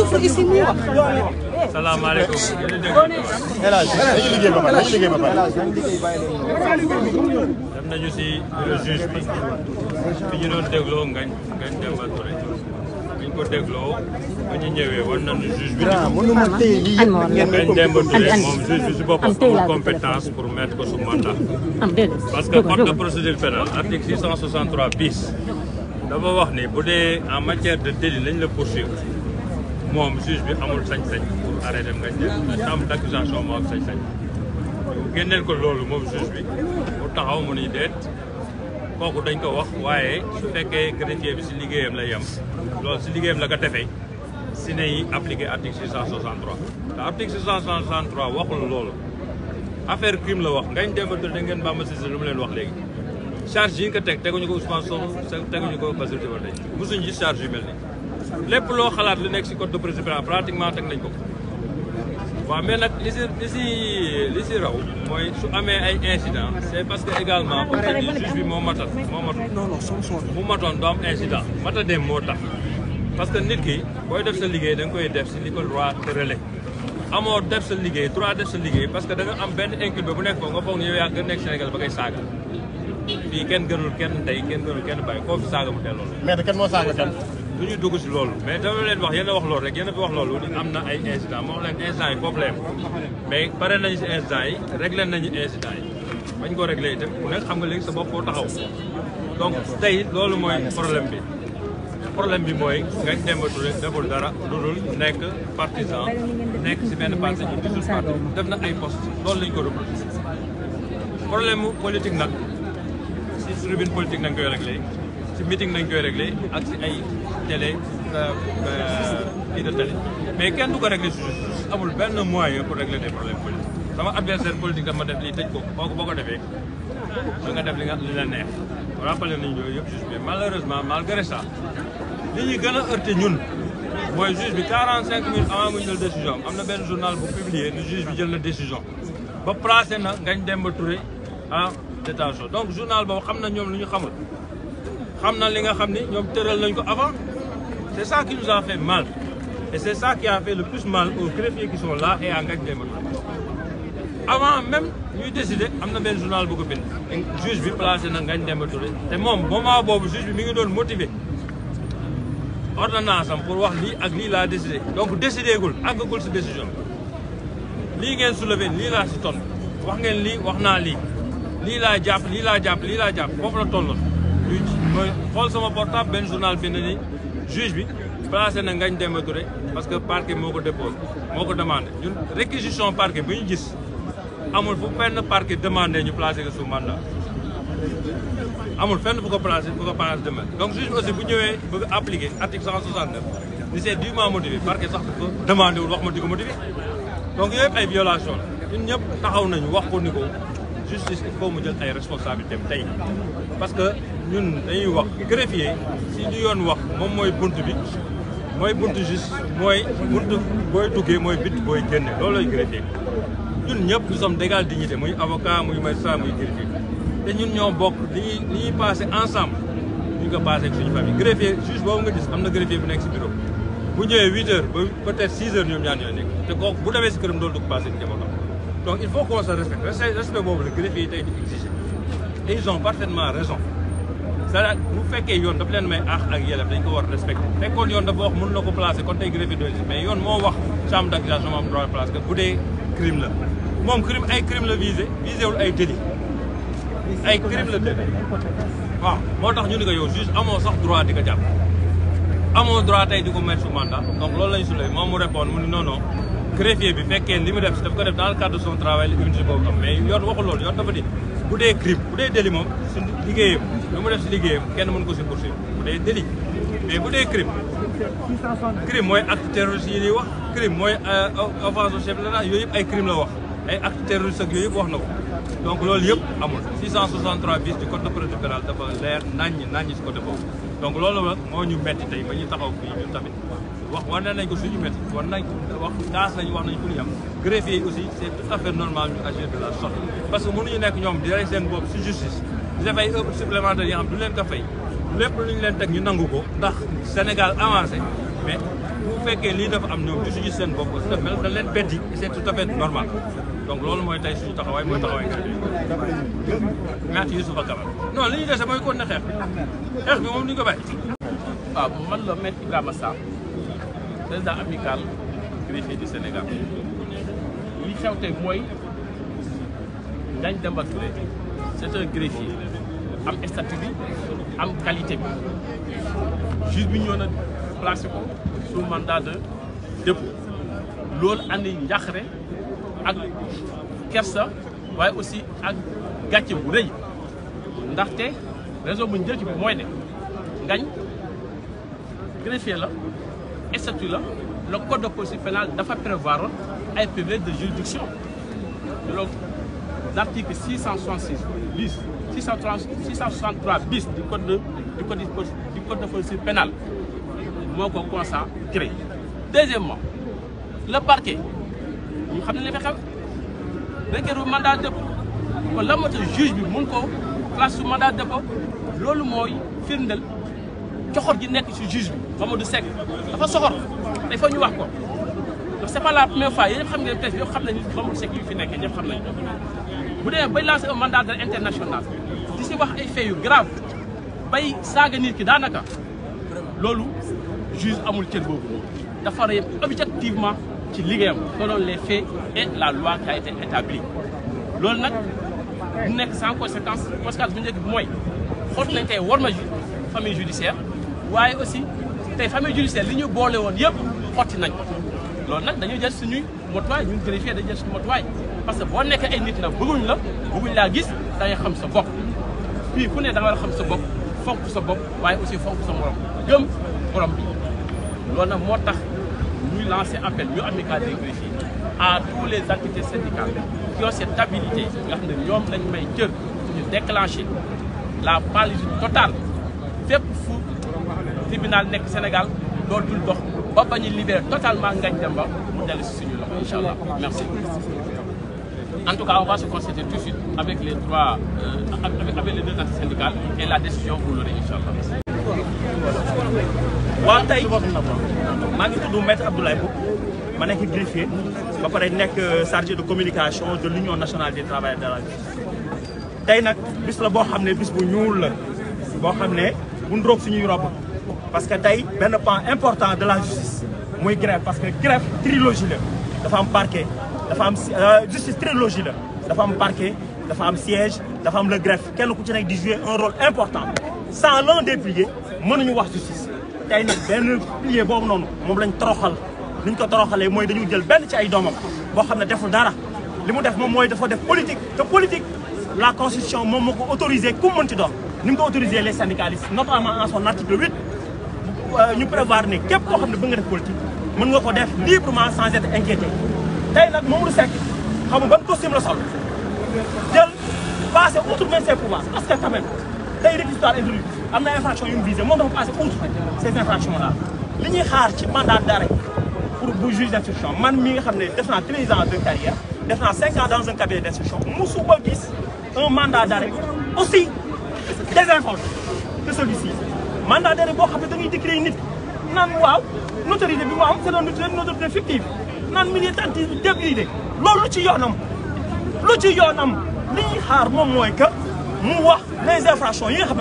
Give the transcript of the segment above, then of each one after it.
souffre ici mu wax. salaamaaleykum. El Hadj dañu liggéey ba pare dañu liggéey ba pare. dem nañu si juge bi fi ñu doon dégloo ngañ ngañ Demba Touré bi ñu ko dégloo ba ñu ñëwee war nañu juge bi. ngañ Demba Touré moom juge bi si boppam amul compétence pour mettre ko sous mandat. parce que code de procédure pénale article 663 bis dafa wax ni bu dee en matière de délit lañ la poursuivre. moom juge bi amul sañ-sañ pour arrêté nga jël chambre d'accusation moo am sañ-sañ génneel ko loolu moom juge bi mu taxaw mu ni deet kooku dañ ko wax waaye su fekkee greffier bi si liggéeyam la yem loolu si liggéeyam la ko tefee si ne yi appliqué article 663 te article 663 waxul loolu affaire crime la wax ngañ dem da ngeen bàmba si lu mu leen wax léegi charge yi nga ko teg teguñu ko Ousmane Sonko teguñu ko Bassirou Diomaye Faye mosuñu gis charge yu mel nii lépp loo xalaat lu nekk si ko de procédure pratiquement teg nañ ko waaw mais nag li si li si li raw mooy su amee ay incident c'est parce que également comme je dis juge bi moo matal moo matul bu matoon du am incident mata dem moo tax parce que nit booy def sa liggéey da koy def si li ko droit tërale amoo def sa liggéey droit def sa liggéey parce que da nga am benn inculpé bu nekk ko nga foog ne yow yaa gën nekk Sénégal ba ngay saaga fii kenn gënul kenn tey kenn gënul kenn bàyyi koo fi saaga mu delloo mais kenn moo saaga kenn du ñu dugg si loolu mais dama leen wax yéen a wax loolu rek yéen a wax loolu am na ay incidents moo leen incidents yi foofu leen mais pare nañu si incidents yi réglé nañu koo réglé itam ku nekk xam nga léegi sa bopp foo taxaw donc tey loolu mooy problème bi problème bi mooy nga dembatul deful dara lu dul nekk partisan nekk si benn parti ñu gisul parti def na ay poste loolu lañ ko dugg problème politique nag si tribune politique nañ koy réglé si meeting nañ koy réglé ak si ay télé euh, euh, kii de télé mais kenn du ko amul benn moyen pour régler des problèmes politiques sama adversaire politique dama def lii tëj ko boo ko boo ko defee mën nga def li nga li la neex rappelé nañu yooyu yëpp juge bi malheureusement malgré ça li ñuy gën a heurté ñun mooy juge bi 45 minutes avant muy jël décision am na benn journal bu publié ni juge bi jël na décision ba placé na dem ba Touré a détention donc journal boobu xam na ñoom lu ñu xamul xam na li nga xam ni ñoom tëral nañ ko avant C'est ça qui nous a fait mal. Et c'est ça qui a fait le plus mal aux greffiers qui sont là et à Ngagne Demba avant même ñuy décider am na benn journal bu ko bi placé na Ngagne Demba Touré te moom moment boobu juge bi mi ngi doon motivé ordonnance am pour wax lii ak lii laa décidé donc décidé gul àggagul si décision lii ngeen soulevé lii laa si toll wax ngeen lii wax naa lii lii laa jàpp lii laa jàpp lii laa jàpp foofu la tolloon. luy mooy xool juge bi placé na ngañ Demba Touré parce que parquet moo ko déposé moo ko demandé ñun réquisition parquet bu ñu gis amul fu fenn parquet demandé ñu placé ko sous mandat amul fenn fu ko placé fu ko placé demee donc juge bi aussi bu ñëwee bëgg appliquer article 169 ni c'est dûment motivé parquet sax ko demandé wax ma di ko motivé donc yooyu ay violation la ñun ñëpp taxaw nañu wax ko ni ko justice il faut mu jël ay responsabilités tey ñun dañuy wax greffier si ñu yoon wax moom mooy bunt bi mooy bunt juste mooy bunt booy duggee mooy bit booy génne loolu lay greffier ñun ñëpp nous sommes d'égale dignité muy avocat muy magistrat muy greffier te ñun ñoo bokk li ñuy li ñuy passé ñu ngi ko passé ak suñu famille greffier juste boobu nga gis am na greffier bu nekk si bureau bu ñëwee huit heures ba peut-être six heures ñoom ñaar ñooy nekk te kooku bu demee si këram doolu du ko passé njabootam donc il faut qu'on se respecte respect boobu cest à bu fekkee yoon daf leen may aax ak yelef dañ ko war respecté fekkoon yoon dafa wax mën na ko placé kon tey greffier doy mais yoon moo wax chambre d'accusation am droit place que bu dee crime la moom crime ay crime la visé visé wul ay délit ay crime la waaw moo tax ñu ni ko yow juge amoo sax droit di ko jàpp amoo droit tey di ko mettre sous donc loolu lañu sulay moom mu répondre mu ni non non bi fekkee li mu def daf ko def dans le bu dee crime bu dee délit moom su liggéeyam lu mu def si liggéeyam kenn mënu ko si poursuivre bu dee délit mais bu dee crime crime mooy acte terroriste yi ñuy wax crime mooy euh, offense au chef de l'État yooyu yëpp ay crime la wax ay acte terroriste yooyu yëpp wax na ko donc loolu yëpp amul 663 bis du code de procédure pénale dafa leer naññ naññ si côté boobu donc loolu nag moo ñu metti tey ba ñu taxaw fii ñu tamit wax war nañ ko suñu métti war nañ wax daas nañ wax nañ fu ñu am greffier yi aussi c' est tout normal ñu agir de la parce que mënuñu nekk ñoom di rey seen bopp si justice di def ay heures yi nga du leen ko fay lépp lu leen teg ñu nangu ko ndax Sénégal avancé mais bu fekkee lii dafa am ñoom du si seen bopp aussi dafa mel dañ leen beddi c' est tout à donc loolu mooy tey suñu taxawaay mooy taxawaay nga merci Youssoufa Kaba non li ñu dese mooy kon ne xeex ko bàyyi waaw ah, man la maître président amical greffier du Sénégal li xew tey mooy dañ Demba Touré c'est am statut bi am qualité bi juge bi ñëw na placé ko sous mandat de dépôt loolu andi njaqare ak kersa waaye aussi ak gàcce bu rëy ndaxte raison bu njëkk bi mooy ne ngañ greffier la statut la le code de procédure pénale dafa prévoir ay privilèges de juridiction loolu l'article 666 bis 663 bis du code de du code du code de procédure pénale moo ko consacré deuxièmement le parquet ñu xam ne li fi xew requéru mandat de dépôt kon la moo tax juge bi mun ko classe su mandat de dépôt loolu mooy firndeel coxor ji nekk ci juge bi Mamadou Seck dafa soxor il faut ñu wax ko donc c'est pas la première fois yéen ñëpp xam ngeen presse bi yëpp xam nañu Mamadou Seck yi fi nekkee ñëpp xam nañu bu demee bay lancer un mandat d'arrêt international di si wax ay faits yu grave bay saaga nit ki daanaka loolu juge amul cër boobu dafa war a yem objectivement ci liggéeyam selon les faits et la loi qui a été loolu nag du nekk sans conséquence conséquence bu njëkk bi mooy xool nañ tey war ma famille judiciaire waaye aussi tey famille judiciaire li ñu boole woon yëpp xotti nañ ko loolu nag dañuy jël suñuy motuwaay ñun greffier dañuy jël suñu motuwaay parce que boo nekkee ay nit nag bëgguñ la bëgguñ laa gis da xam sa bopp fii ku ne da nga war a xam sa bopp fonk sa bopp waaye aussi fonk sa morom gëm borom bi loolu nag moo tax ñuy lancé appel ñu amicale des greffiers a tous les activités syndicales qui ont cette habilité nga xam ne ñoom lañ may cër ñu déclenché la paralysie totale fépp fu tribunal nekk Sénégal dootul dox ba bañ a libéré totalement Ngagne Demba mu dellu si suñu loxo incha allah merci. En tout cas, on va se tout suite avec les trois, euh, avec, les deux parties syndicales la décision vous l'aurez, Inch'Allah. waaw ba pare nekk euh, chargé de communication de l'Union nationale des travailleurs de la tey nag bis la boo xam ne bis bu ñuul la boo xam ne bu ndroog suñuy rob parce que tey benn pan important de la justice muy grève parce que grève trilogie la dafa am parquet dafa am euh, justice trilogie la dafa am parquet dafa am siège dafa am le greffe kenn ku ci nekk di jouer un rôle important sans l'un des piliers mënuñu wax justice tey nag benn pilier boobu noonu moom lañ toroxal li ñu ko toroxalee mooy dañu jël benn ci ay doomam boo xam ne deful dara li mu def moom mooy dafa de politique te politique la constitution moom moo ko autorisé ku mu mënti doon ni mu ko autorisé les syndicalistes notamment Euh, ñu prévoir ne képp koo xam ne bëgg nga def politique mën nga ko def librement sans être inquiété tey nag Mamadou Seck xamu ban costume la sol jël passé outre même ses pouvoirs parce que quand même tey am na infraction yu mu visé moom dafa passé outre ces infractions là li ñuy xaar ci mandat d'arrêt pour bu juge d'instruction man mi nga xam ne def naa 13 ans de carrière def naa 5 ans dans un cabinet d'instruction gis un mandat d'arrêt aussi désinformé que mandat d'arrêt boo xam ne da ngay décréer nit naan waaw notoriété bi mu am c'est que mu nga xam ne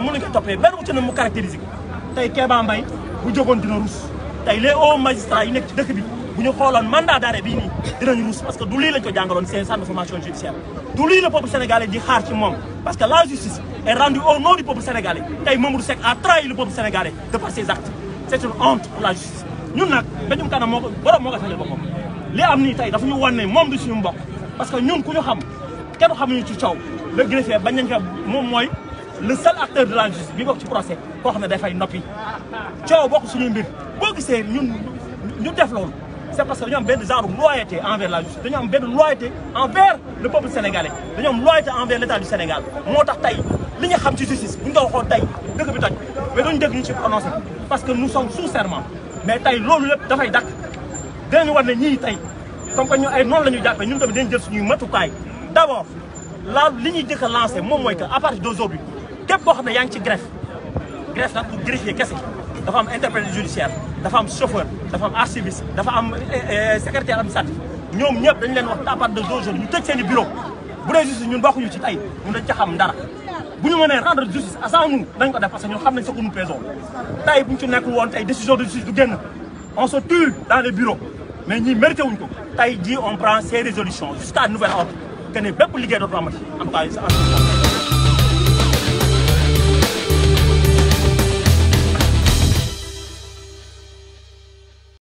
mën nañu ko toppee benn wuute na mu caractérisé ko tey Kéba la di xaar ci moom parce que la justice est rendu au nom du peuple sénégalais tey Mamadou Seck a trahi le peuple sénégalais de par ses actes c'est une honte ñun nag Mbéjum Kanam moo ko borom moo ko sañal boppam li am nii tey dafa ñu wan ne moom du suñu mbokk parce que ñun ku ñu xam kenn xamuñu ci coow le greffier bañ nañ ko moom mooy le seul acteur de la justice bi bokk ci procès koo xam ne dafay noppi coow bokk suñu mbir boo gisee ñun ñu def la loolu c'est parce que dañu am benn genre loyauté envers la justice dañu am benn loyauté envers le peuple sénégalais dañu am loyauté envers l'état du Sénégal moo tax tey li ñu xam ci justice bu ñu ko waxoon tey dëkk bi toj mais duñu dégg ñu ci annoncé parce que nous sommes sous serment mais tey loolu lépp dafay dakk dinañu war ne ñii tey comme que ñu ay noonu la ñuy jàppee ñun tamit dañu jël suñuy matukaay d'abord laal li ñuy jëkk a lancé moom mooy que à partir d'aujourd'hui képp koo xam ne yaa ngi ci greffe greffe nag pour greffier kese dafa am interprète judiciaire dafa am chauffeur dafa am archiviste dafa am euh, euh, secrétaire administratif ñoom ñëpp dañu leen wax à partir de deux jours ñu tëj seen i bureau bu dee justice ñun bokkuñu ci tey ñun dañ ca xam dara bu ñu mënee rendre justice à sans nous dañ ko def parce que ñun xam nañ ce que nous pesons tey bu ñu ci nekkul woon tey décision de justice du génn on se tue dans les bureaux mais ñi mérité wuñ ko tey ji on prend ces résolutions jusqu'à nouvel ordre que ne